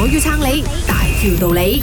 我要撐你，大條道理。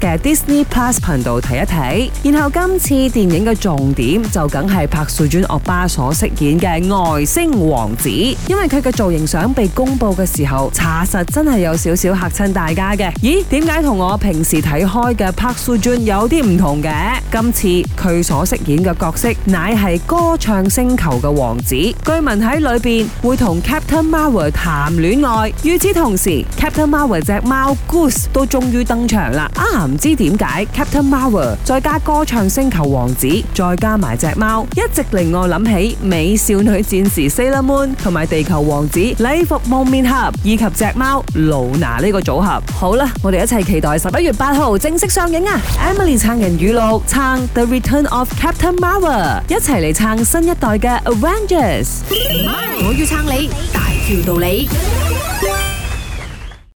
嘅 Disney Plus 頻道睇一睇，然後今次電影嘅重點就梗係柏素尊歐巴所飾演嘅外星王子，因為佢嘅造型相被公布嘅時候，查實真係有少少吓親大家嘅。咦，點解同我平時睇開嘅柏素尊有啲唔同嘅？今次佢所飾演嘅角色乃係歌唱星球嘅王子，據聞喺裏邊會同 Captain Marvel 談戀愛。與此同時，Captain Marvel 隻貓 Goose 都終於登場啦！啊！唔知點解 Captain Marvel 再加歌唱星球王子，再加埋隻貓，一直令我諗起美少女戰士 Sailor Moon 同埋地球王子禮服蒙面俠以及隻貓露娜呢個組合。好啦，我哋一齊期待十一月八號正式上映啊！Emily 撐人語錄撐 The Return of Captain Marvel，一齊嚟撐新一代嘅 Avengers。我要撐你，大條道理。